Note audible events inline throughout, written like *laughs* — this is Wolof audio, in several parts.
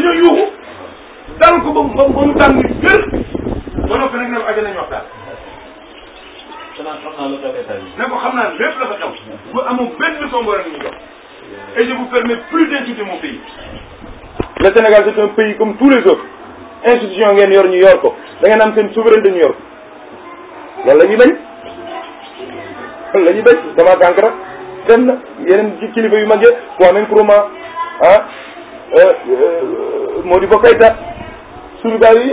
dañoo yuuxu dal ko ba ba ba mu tàng ni jël ba noppi nag ne ko aja nañu waxtaan. xanaa xam naa lu xew état bi. ne ko xam naa lépp dafa xew. bu amoon benn leçon boo ñu jox. et je vous permets plus d'insulter mon pays. le Sénégal c'est un pays comme tous les autres institution ngeen yor ñu yor ko da ngeen am seen souveraineté ñu yor ko loolu la ñuy bañ loolu la ñuy bañ damaa tànk rek dem na yeneen ci kilifa yu mag yi Kwame Nkrumah ah. Euh, euh, Modibo Keita suñu gars yi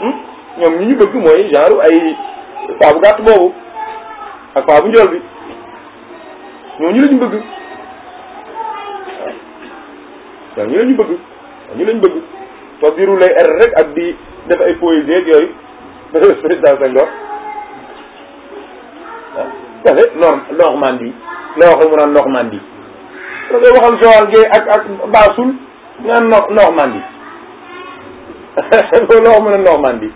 hmm? ñoom ñi ñu bëgg mooy genre ay paa bu gàtt boobu ak paa bu njool bi ñooñu la ñu bëgg waaw ñooñu la ñu bëgg waaw ñu la ñu bëgg toog di rouler R rek ak di def ay poésie ak yooyu *laughs* président Senghor waaw. parce que Normandie la waxoon mu da ngay waxal Joal Gueye ak ak Bassoul naan no Normandie *laughs* loolu wax mu ne Normandie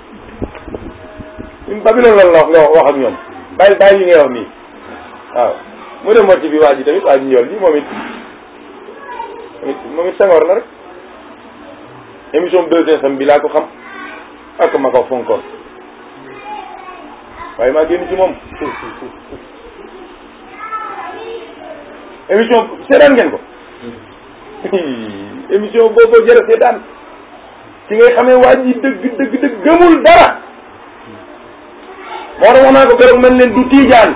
ñun Babylone loolu la wax wax ak ñoom bàyyi bàyyi li ngay wax nii waaw mu dem mocc bi waa ji tamit waa ji njool bi moom it moom it sangoor la rek émission deuxième sam bi laa ko xam ak ma ko fonkoon waaye émission seetaan ngeen ko hmm. émission boobu jërë seetaan ci ngay xamee waa ji dëgg dëgg dëgg dara moo tax wax naa ko keroog mel leen du tiijaan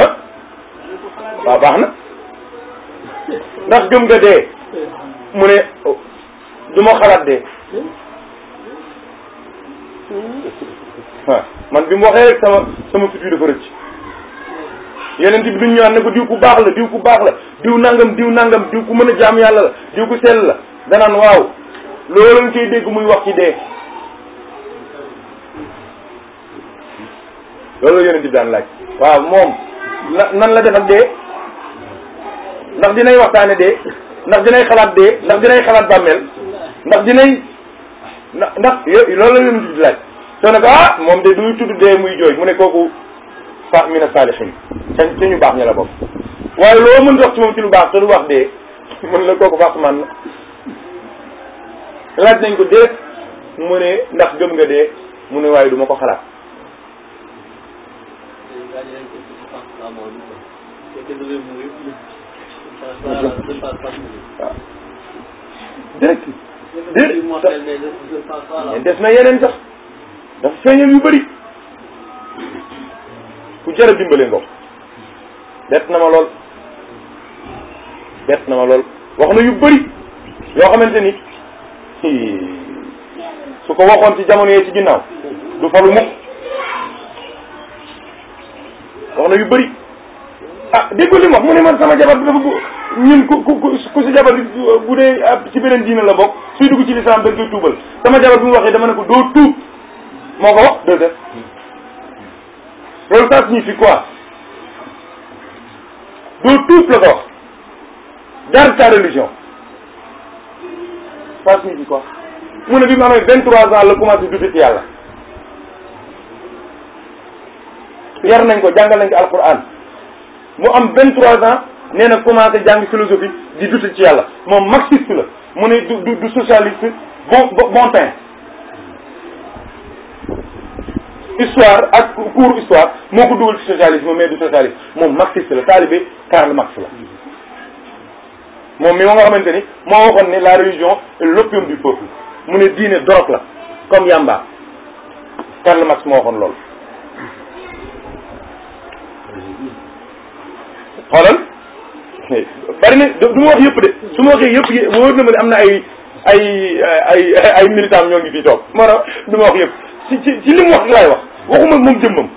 ah waaw baax na ndax dee mu ne oh, du ma dee hmm? waaw man bi mu waxee rek sama sama fit wi dafa rëcc yeneen bi ñu ñëwaat ne ko diw ku baax la diw ku baax la diw nangam diw nangam diw ku mën a jaam yàlla la diw ku sell la danaan waaw loolu lañ koy dégg muy wax ci dee loolu la yeneen bi daan laaj waaw moom nan la def ak dee ndax dinay waxtaane dee ndax dinay xalaat dee ndax dinay xalaat bàmmeel ndax dinay ndax yo loolu la yeneen bi di laaj soo ne ko ah moom de duy tudd dee muy jooy mu ne kooku sa mi saalihin ca ca ñu baax ña la bokk waaye mu mën wax ci moom ci lu baax te du wax dee mën la kooku baax man na laaj nañ ko dee mu ne ndax gëm nga dee mu ne waaye du ma ko xalaat waaw direct dé na yeneen dafa feeñal yu bari ku jar a dimbale ngoog bett na ma lool bett na ma lool wax na yu bëri yoo xamante ni *laughs* su ko waxoon ci jamono yee ci ginnaaw du falu mukk wax na yu bëri ah déggul li mu wax mu ne man sama jabar dafa ñun ku ku ku si jabar bu dee ci beneen diina la bokk suy dugg ci lislaam dañ koy tuubal sama jabar bi mu waxee dama ne ko doo tuub moo ko wax déedéet loolu ça signifie quoi du tout la ko wax garde ta religion ça signifie quoi mu ne bi mu amee vingt trois ans la ci yàlla yar nañ ko jàngal nañ ko alquran mu am vingt trois ans nee na commencé jàng di dut ci yàlla moom marxiste la mu ne du du socialiste bon bon teint histoire ak cours histoire moo ko dugal ci socialisme mais du socialisme moom marxiste la taalibe Karl Marx la moom mi ma nga xamante ni moo waxoon ne la religion l'opium du peuple mu ne diine drogue la comme yamba Karl Marx moo waxoon loolu xoolal bari na du ma wax yëpp de su ma waxee yëpp wóor na ma ne am na ay ay ay ay militant ñoo ngi fii toog moo tax du ma wax yëpp ci ci ci li mu wax wax waxuma moom jëmmam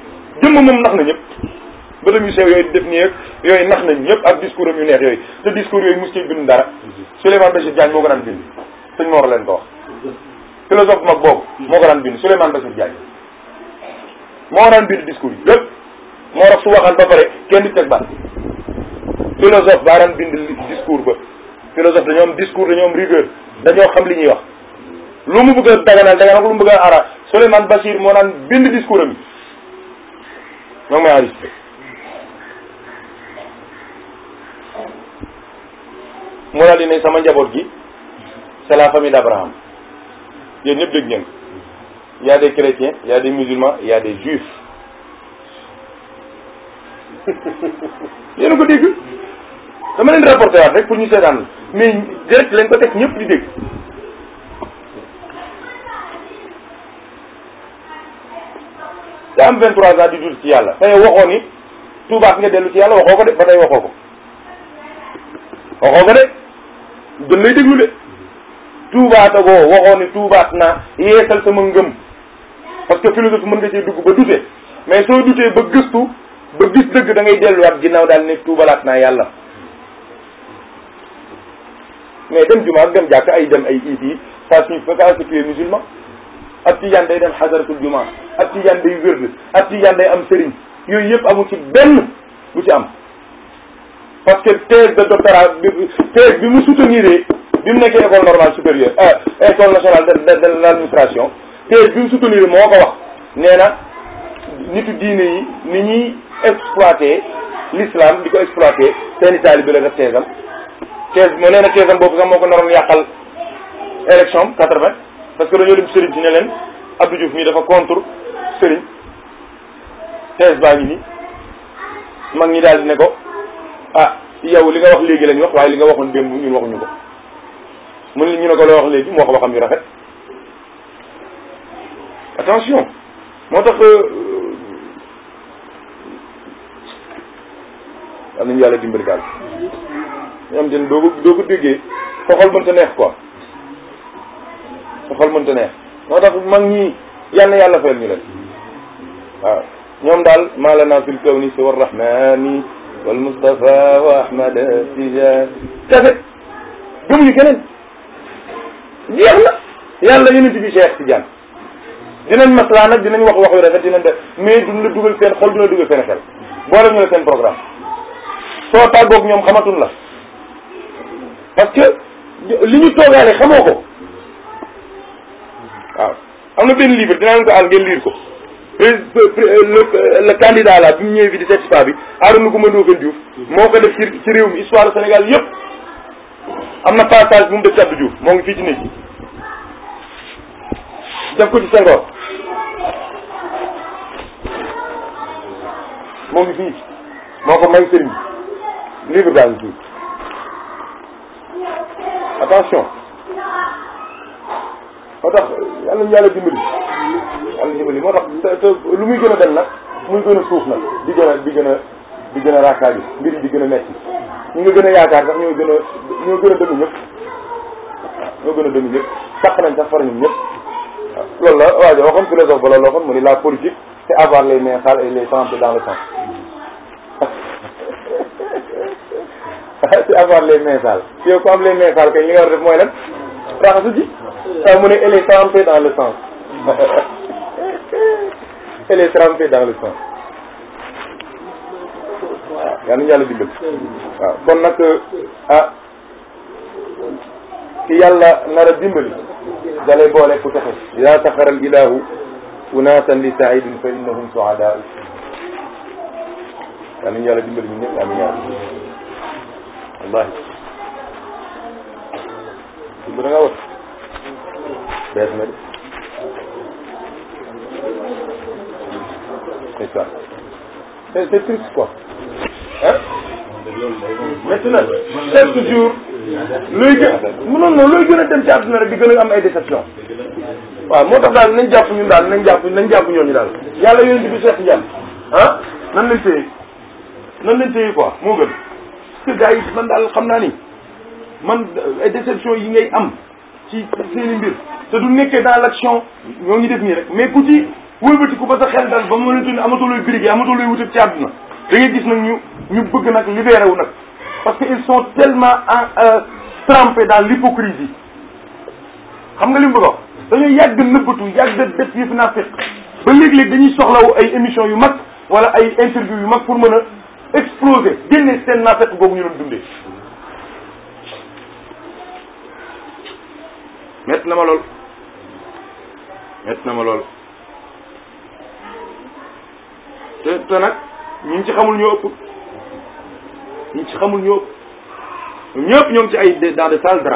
jëmmam moom nax na ñëpp bëtam yu sew yooyu def nii rek yooyu nax nañ ñëpp ak discours am yu neex yooyu te discours yooyu mos cee bind dara Souleymane Bachir Diagne moo ko daan bind sëñ Mor leen ko wax philosophe mag boobu moo ko daan bind Souleymane Bachir Diagne moo daan bind discours yi lépp moo tax su waxaan ba pare kenn di teg baat philosophe baa daan bind discours ba philosophe dañoo am discours dañoo dañoo xam li ñuy wax lu mu bëgg a daganal daganal lu mu bëgg Souleymane Bachir moo naan bind discours am moom mooy enregistré mu daal ne sama njaboot gi c'est la famille d'Abraham yéen ñëpp dégg ngeen y a des chrétiens y a des musulmans y a des juifs *laughs* ko dégg dama leen rapporté waat rek pour ñu seetaan mais direct lañ ko teg ñëpp di dégg te am 23 ans di dul ci yàlla te yow waxoo ni tuubaat nga yàlla waxoo ko de ba tey waxoo ko waxoo ko de gën lay déglu de tuubaatagoo waxoo ni tuubaat naa yeesal sama ngëm parce que philosophie mën nga cee dugg ba dute mais soo dutee ba gëstu ba gis dëgg da ngay delluwaat ginnaw daal ne tuubalaat naa yàlla mais dem jumaa ak dem jàkk ay dem ay iit yi ça signifie musulman ak ci yan dem xasaratul jumaa ab tijaan day wérd ab am sëriñ yooyu yëpp amul ci benn bu ci am parce que thèse de doctorat bi thèse bi mu soutenir bi mu nekkee école normale supérieure euh, école nationale de de l'administration thèse bi mu soutenir moo ko wax nee na nitu diine yi ni ñuy exploité l'islam di ko exploité seen i taalibe la def thèse am thèse moo nee na thèse am boobu sax moo ko naroon yàqal élection quatre vingt parce que dañoo lim sëriñ si ne leen Abdou Diouf dafa contre sëriñ tees ngi nii mag ñi daal di ne ko ah yow li nga wax léegi lañ wax waaye li nga waxoon démb ñun waxuñu ko mun ñu ne ko loo wax léegi mu wax waxam yu rafet attention moo tax euh, am nañu yàlla dimbali daal ñu am ten doo ko doo ko déggee sa xol mënta neex quoi moo tax mag ñi yàlla yàlla fayal ñu leen waaw ñoom daal maa lanaa fil kawni si wa rahmani wal Mustafa wa Ahmad Tijaan kafe gëm ñu keneen jeex na yàlla yonent bi Cheikh Tidiane dinañ maslaa nag dinañ wax wax yu rafet dinañ def mais duñ la dugal seen xol duñ la dugal seen xel boole ñu la seen programme soo tàggoog ñoom xamatuñ la parce que li ñu toogaale xamoo ko waaw am na benn livre dinaa leen ko àll ngeen ko Euh, euh, euh, le candidat là bi mu ñëwee bi Arouna Gouma Ndofène Diouf moo ko def ci ci réew mi histoire Sénégal yëpp am na passage bu mu def ci Abdou Diouf moo ngi fii ci nit yi def ko ci Senghor moo ngi fii moo ko may sëriñ livre wala jëmale moo tax lu muy gën a dem nag muy gën a suuf nag di gën a di gën a di gën a raakaaj yi mbir di gën a metti ñi nga gën a yaakaar sax ñoo gën a ñoo gën ñëpp ñoo gën a dëmu ñëpp sàq nañ sax far ñun ñëpp loolu la waa jo waxoon philosophe bala loo xam mu ni la politique c'est avoir les mains sales et dans le sang *laughs* c'est avoir les mains sales yow ku am les mains kay li nga war a def mooy lan raxasu ji ah, mu ne et dans le sang *laughs* et les transfert dans le sens waaw yaa nañu yàlla dimbali waaw kon nag ah ki yàlla nar a dimbali da lay boole ku texe ida ilahu unaasan li saidin fa innahum suadaa yaa nañu yàlla dimbali ñun ñëpp amin yaa wallahi sumb da nga wat bees na c'est ça c'est c'est triste quoi eh? ah métti na chaque jour luy gën mënoon na luy gën a dem ci àdduna rek di gën a am ay déception waaw moo tax daal nañ jàpp ñun daal nañ jàpp nañ jàpp ñooñu daal yàlla yonent bi Cheikh Ndiaye ah nan lañ téye nan lañ téye quoi moo gën parce que gars yi man daal xam naa ni man ay déception yi ngay am ci seeni mbir te du nekkee dans l'action ñoo ngi def nii rek mais ku ci wëlbatiku ba sa xel dal ba mënatu ne amatoo looy birigé amatoo looy wutal ci àdduna da gis nag ñu ñu bëgg nag libéré wu nag parce que il sont tellement en euh, daal euh, dans l'hypocrisie xam nga li mu bëgg a wax dañuy yàgg nëbbatu yàgg def yëf naafiq ba léeg-léeg dañuy soxlawu ay émissions yu mag wala ay interview yu mag pour mën a exploser génne seen naafiq boobu ñu doon dundee mett na ma lool mett na ma lool te te nag ñi ci xamul ñoo ëpp ñi ci xamul ñoo ëpp ñëpp ñoo ngi ci ay dans de sale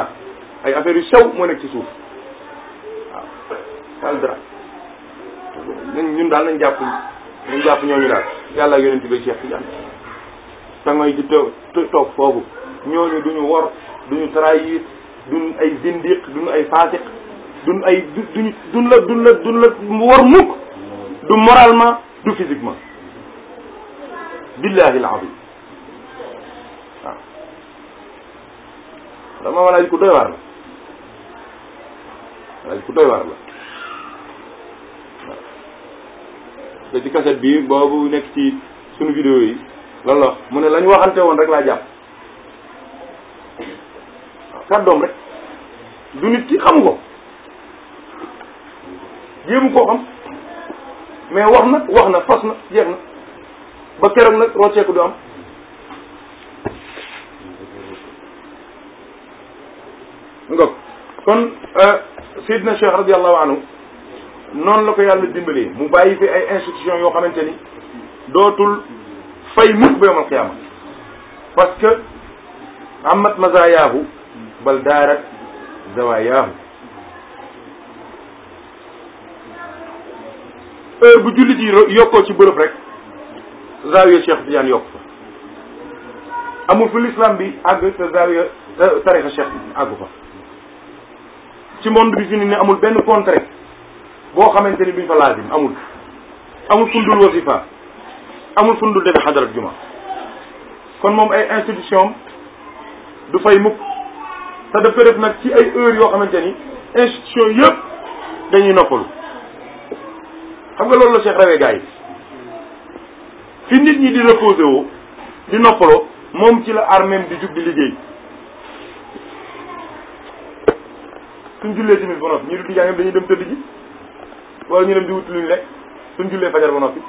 ay affaires yu sew moo nekk ci suuf waaw ñun daal nañ jàpp nañ jàpp ñooñu daal yàlla yonent bi Cheikh Tidiane tangooy di toog toog foofu ñooñu duñu wor duñu trahir duñ ay zindiq duñ ay faasiq duñ ay duñ duñ la duñ la duñ la wor mukk du moralement du physiquement billahi alazim waaw ah. dama malaaj ku doy waar la malaaj ku doy waar la waaw ah. te ci bi boobu nekk ci sunu vidéo yi lan la wax mu ne la ñu woon rek laa jàpp waaw ah, kàddoom rek du nit ki xamu ko jéemu koo xam mais wax na wax na fas na jeex na ba keroog nag rocceeku du am ngok kon euh, Seydina Cheikh radiallahu anhu noonu la ko yàlla dimbalee mu bàyyi fi ay institution yoo xamante ni dootul fay mukk ba yomal qiyaama parce que amat mazayaahu bal daarat bu jullit yi yokkoo ci bërëb rek zaawiya Cheikh Tidiane yokk fa amul fu l'islam bi àgg te zaawiya tarixa Cheikh àggu fa ci monde bi fi ni ne amul benn contrat boo xamante ni duñ fa laazim amul amul fundul wasifa amul fundul defe xadarat juma kon moom ay institution du fay mukk te daf ko def nag ci ay heures yoo xamante ni institution yëpp dañuy noppalu xam nga loolu la Cheikh rawee gars yi fi nit ñi di reposé woo di noppaloo moom ci la armée di jug di liggéey suñ jullee timis ba noppi ñi dut njàngam dañuy dem tëdd ji wala ñu dem di wut luñ lekk suñ jullee fajar ba noppi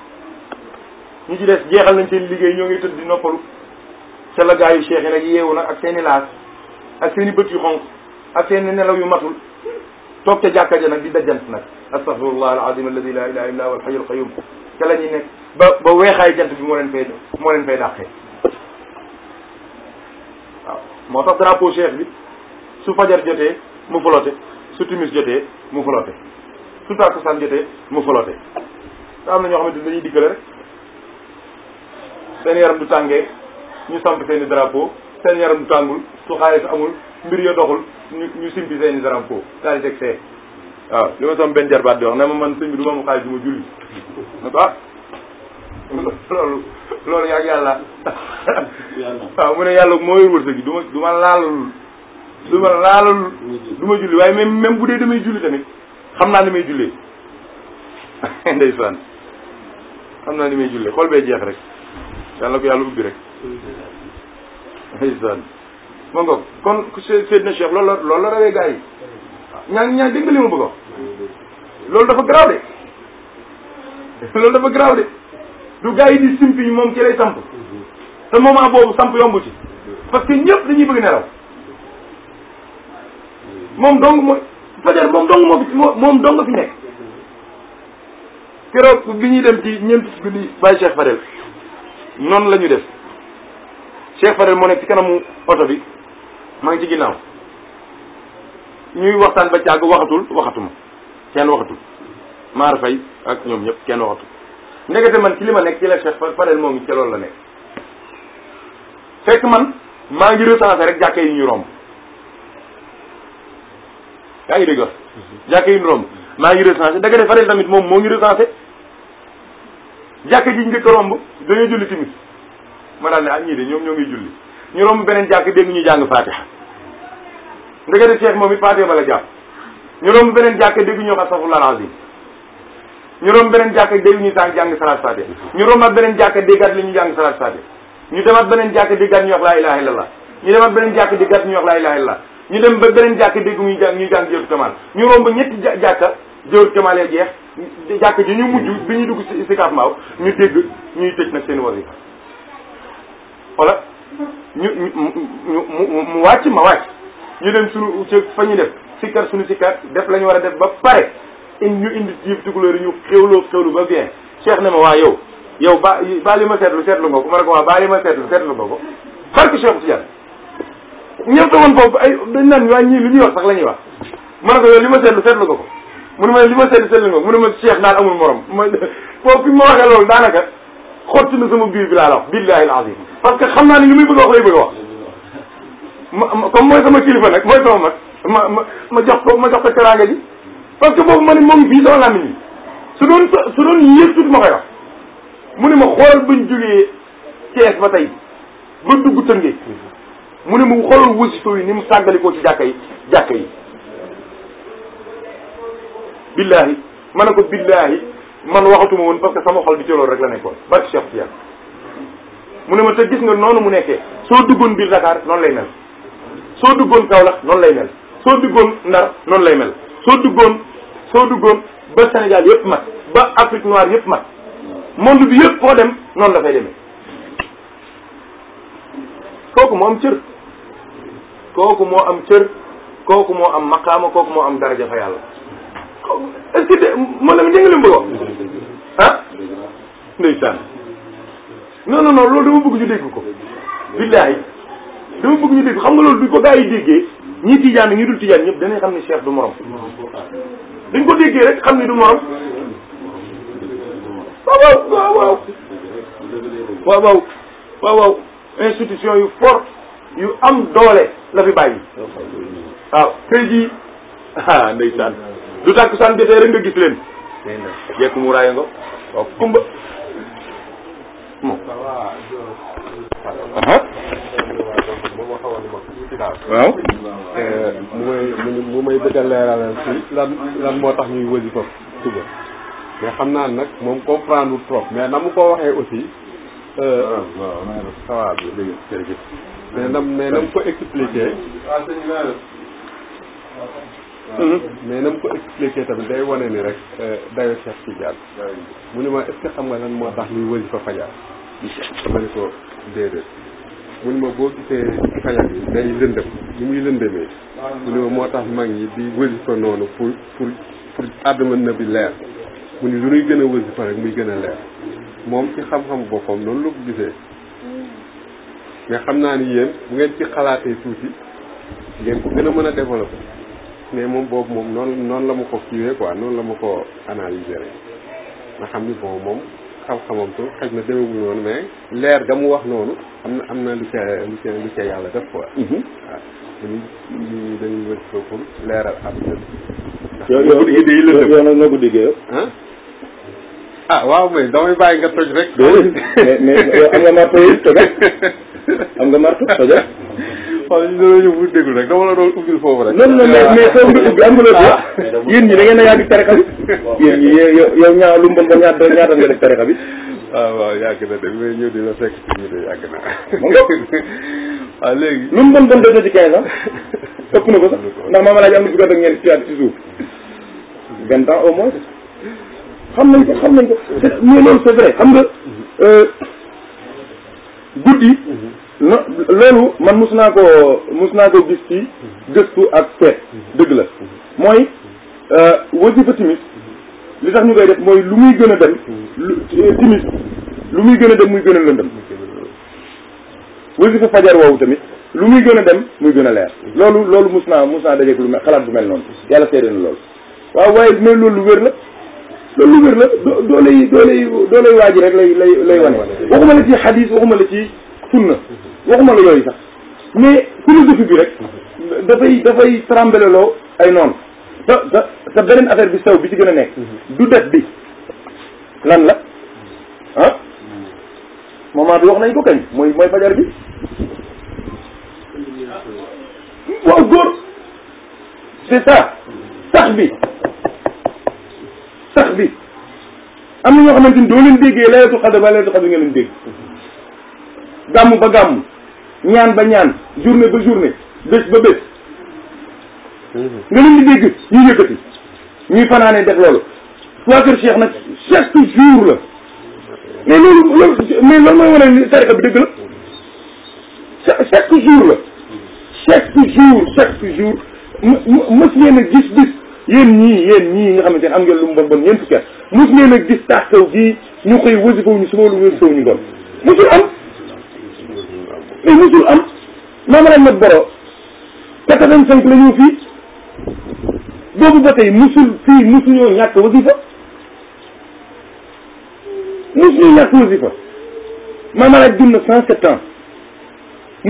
ñi ci des jeexal nañ seen liggéey ñoo ngi tëdd di noppalu ca la gaa yu cheikh yi nag yeewu nag ak seen i laas ak seen i bët yu xonq ak seen nelaw yu matul toog ca jàkka ja nag di dajant nag astaghfirullah alazim alladi la ilaha illa huwa alhayyul qayyum ca la ñuy nekk ba ba weexaay jant bi moo leen fa moo leen fay dàqee waaw moo tax drapeau cheikh bi su fajar jotee mu flotté su timis jotee mu flotté su takkusaan jotee mu flotté te am na ñoo xamante ni dañuy dikkale rek seen yaram du tàngee ñu samp seen i drapeau seen yaram du tàngul su xaalis amul mbir yo doxul ñu ñu simpi seen i drapeau daal di teg see waaw li ma sama benn jarbaat di wax ne ma man sëñ bi du xaalis du ma julli *laughs* loolu loolu yàgg yàlla waaw mu ne yàlla moo yor wërsëg gi du ma du ma laalalul du ma waaye même même bu dee damay julli tamit xam naa ni may jullee *laughs* ndeysaan xam naa ni may jullee xool bee jeex rek yàlla ko yàlla ubbi rek ndeysaan ma ngoog kon Seydina Cheikh loolu la loolu la rawee gars yi ñaa ñaa dégg nga li dafa garaaw de *laughs* dafa garaaw du gars yi di moom ci lay samp te moment boobu samp yomb ci parce que ñëpp dañuy bëgg nelaw moom dong mooy fajar moom dong moo moom dong fi nekk keroog bi ñuy dem ci ñeenti si guddi Fadel noonu la ñu def Cheikh Fadel moo nekk ci kanamu oto bi maa ngi ci ginnaaw ñuy waxtaan ba càgg waxatul waxatuma kenn waxatul maar fay ak ñoom ñëpp kenn waxatul ndekete man ci li ma nekk ci la moo ngi ci loolu fekk man maa ngi recensé rek jàkka yi ñu romb yaa ngi dégg wax mhm. jàkka yi ñu romb maa ngi recensé ndekete parel tamit moom moo ngi recensé jàkka ji njëkk romb dañoo julli tamit ma daal ne ah ñii de ñoom ñoo ngi julli ñu romb beneen jàkk dégg ñu jàng fatiha te cheikh moom it fatiha ba la jàpp ñu romb beneen jàkk dégg ñoo ko asafullah alazim ñu romb beneen jàkka dégg ñu tax jàng salaat faate ñu ma beneen jàkka déggaat li ñu jàng salaat faate ñu demal beneen jàkka déggaat ñu wax laa ilaha illallah ñu demaat beneen jàkka déggaat ñu wax laa ilaha illallah ñu dem ba beneen jàkka dégg muy jàng ñuy jàng jawtu kamal ñu romb ñetti jàkka jawtu kamal ya jeex jàkka ji ñu mujj bi ñu dugg ci si kaaf maaw ñu dégg ñuy tëj nag seen wasifa wala ñu ñu mu wàcc ma wàcc ñu dem suñu fa ñu def si suñu sikkar def la war a def ba pare ñu indi jiib xewloo xewlu ba bien cheikh ne ma waa yow yow ba baa li ma seetlu seetlu nga ko ma ne ko waa baa li ma seetlu seetlu nga ko barke cheikh Tidiane ñëw toogoon foofu ay dañ naan waa ñii lu ñuy wax sax la ñuy wax ma ne ko yow li ma seetlu seetlu nga ko mu ne ma li ma seetlu seetlu nga ko mu ne ma cheikh naan amul morom ma foofu fi ma waxee loolu daanaka xotti na sama biir bi laa la wax billahi alazim parce que xam naa ne li muy bëgg wax lay ma comme mooy sama kilifa nag mooy sama mag ma ma ma jox ma jox ko parce que boobu ma ne moom su doon su doon yées tuuti ma mu ne ma xoolal bañ jógee Thiès ba tey ba dugg tëngee mu ne mu xoolal wasifa yi ni mu sàggalikoo ci jàkka yi jàkka yi billaahi ma ne ko billaahi man waxatuma woon parce que sama xol bi ci loolu rek la nekkoon barke Cheikh Tidiane mu ne ma te gis nga noonu mu nekkee soo duggoon biir Dakar noonu lay mel soo duggoon la noonu lay mel soo duggoon Ndar noonu lay mel soo duggoon soo duggoon ba Sénégal yëpp ma ba Afrique noire yëpp mat monde bi yëpp foo dem noonu la fay demee kooku moo am cër kooku moo am cër kooku moo am maqaama kooku moo am daraja fa yàlla est-ce que de moo la mi dégg nga li mu bëgg wax ah ndeysaan non non non loolu dama bëgg ñu dégg ko billahi dama bëgg ñu dégg xam nga loolu du ko gaa yi déggee ñi tijaan ñi dul tijaan ñëpp danañ xam ne cheikh du moro dañ ko déggee rek xam ni du morom waaw waaw waaw waaw waaw waaw waaw institution yu fort yu am doole la fi bàyyi waaw tey jii *laughs* ah ndeysaan du tàkk saan jotee rek nga gis leen yekk mu raaya nga waaw kumba waaw. Euh, mu may mu may bëgg a leeralal lan lan moo tax ñuy wasifa suba mais xam naa ni nag moom comprendre wul trop mais na mu ko waxee aussi. waaw waaw maa ngi mais na mais na mu ko expliqué. mais na mu ko expliqué tamit day wane ni rek euh, dayo Cheikh Tidiane. mu ne ma est xam nga lan moo tax ñuy wasifa fajar. dama ne ko déedéet. mu ne ma boo gisee sañal bi day lëndëm ni muy lëndëmee mu ne ma moo tax mag ñi di wasifa noonu pour pour pour àddama na bi leer mu ni lu nuy gën a wasifa pare muy gën a leer moom ci xam-xam boppam noonu la ko gisee mais xam naa ni yéen bu ngeen ci xalaatee tuuti ngeen ko gën a mën a développé mais moom boobu moom noonu noonu la ma ko kiiwee quoi noonu la ma ko analysé rek nga xam ni bon moom xam-xamam tu xëj na demewul noonu mais leer ga mu wax noonu am na am na lu ca lu yàlla def quoi waaw ko diggee waaw mais damay bàyyi nga toj rek mais am nga marto yi tojal am waaw ñu ne la ñu wut déglu rek dama la doon ubbil foofu rek. non non mais mais soo ubbi am nga la ah, yéen ñi da ngeen a yàgg tarixa bi *laughs* yéen ñi yow ñaar lu mbon ba ñaar doon ñaata nga def tarixa bi waaw ah, waaw yàgg na de mais ñëw di la fekk si ñu de yàgg na waaw *laughs* ah, léegi lu mu bon bon doo ci quinze ans *laughs* ëpp na ko sax ndax maama laaj am na fukki at ak ñeent ci at ci suuf vingt ans au moins xam nañ ko xam nañ ko mais loolu c'est vrai xam nga euh, guddi mhm. non loolu man mus naa koo mus naa ko gis ci gëstu ak seet dëgg la mooy euh, wasifa timis li tax ñu koy def mooy lu muy gën a dem lu timis lu muy gën a dem muy gën a lëndëm wasifa fajar woowu tamit lu muy gën a dem muy gën a leer loolu loolu mus naa mus naa dajeeg lu me xalaat bu mel noonu yàlla seede na loolu waaw waaye mais loolu lu wér la loolu lu wér la doo doo lay doo lay doo lay waaj rek lay lay lay wane waxuma la ci xadis waxuma la ci sunna waxuma la yooyu sax mais philosophie bi rek dafay dafay trambeleloo ay noonu te te te beneen affaire bi sew bi ci gën a nekk du det bi lan la ah moment bi wax nañ ko kañ mooy mooy fajar bi waaw góor c'est ça sax bi sax bi am na ñoo xamante ni doo leen déggee layetu xadda ba layetu xadda nga leen dégg gàmm ba gàmm ñaan ba ñaan journée ba journée bés ba bés nga leen di dégg ñu yëkkati ñuy fanaanee def loolu waa kër Cheikh nag chaque jour la mais loolu loolu mais loolu mooy wane ni tarixa bi dëgg la chaque jour la chaque jour chaque jour mos ngeen a gis gis yéen ñii yéen ñii nga xamante ne am ngeen lu mu bon bon ñeent fukki at mos ngeen a gis tax taw gii ñu koy wasifaw ñu suba lu wasifaw ñu ngoon mosul am mais mosul am maam Ramad Baro quatre-vingt-cinq la ñëw fii boobu ba tey mosul fii mosuñoo ñàkk wasifa mosuñoo ñàkk wasifa maam Ramad dund na cent sept ans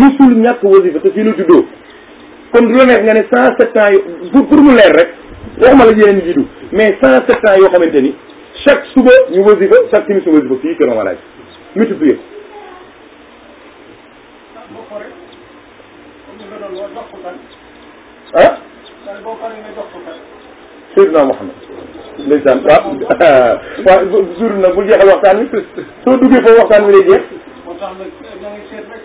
mosul ñàkk wasifa te fii la juddoo kon du la neex nga ne cent sept ans yu pour pour mu leer rek waxuma la yeneen jiitu mais cent sept yoo xamante ni chaque suba ñu wasifa chaque timis wasifa fii kër Mamadou multiplier ah. Seydina Mouhamed. ndeysaan waaw *laughs* waaw jour nag bu jeexal waxtaan wi soo duggee foofu waxtaan wi lay jeex. moo tax nag da ngay seet rek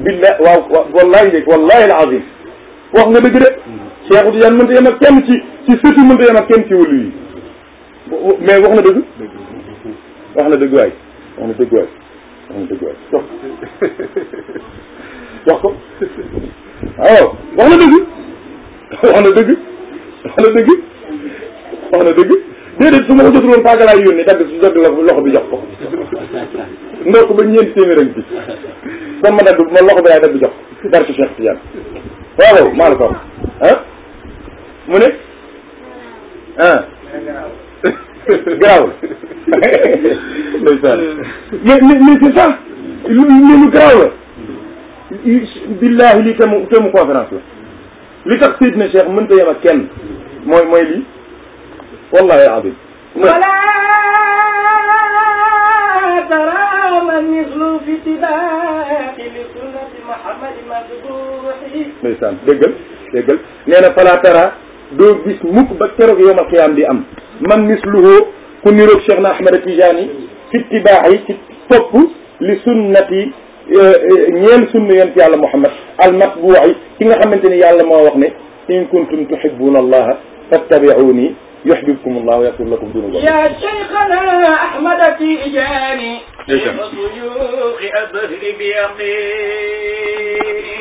ne daa wallahi dëgg wallahi al azim wax nga dëgg Cheikh Tidiane mënta yem ak kenn ci ci sëti mënta yem ak kenn ci wëlu yi mais wax na dëgg wax na dëgg waay wax na dëgg wax na dëgg ko waaw wax na dëgg wax na dëgg wax na dëgg wax na dëgg déedéet su ma ko jotul woon Paa Galaye yónnee dagg su dagg loxo bi jox ko ndox ba ñeenti téeméer ak bi kon ma dagg ma loxo bi laay dagg jox ko barke Cheikh Tidiane waaw maa la ko ah. mu ne ah, ah. garaawul mais mais c'est ça lu lu garaaw la billahi lii temu temu conférence la li tax sidna cheikh mënta yem ak kenn mooy mooy lii wallahi azim ولا ترى من يغلو في اتباع لسنة محمد مذبوح. fala tara doo gis mukk ba keroog yowmal xiyaam bi am man misluhu ku niroog Cheikh na Ahmada Tijaani ci tibaax yi ci topp li sunnati eh, ñeel sunna yonent yàlla Muhammad al matbuu'i ki nga xamante ni yàlla moo wax ne in kuntum tuhibbuuna allaha fattabi'uuni يحببكم الله ويغفر لكم ذنوبكم يا شيخنا أحمد تيجاني شيخ شيوخ أبهر بيقين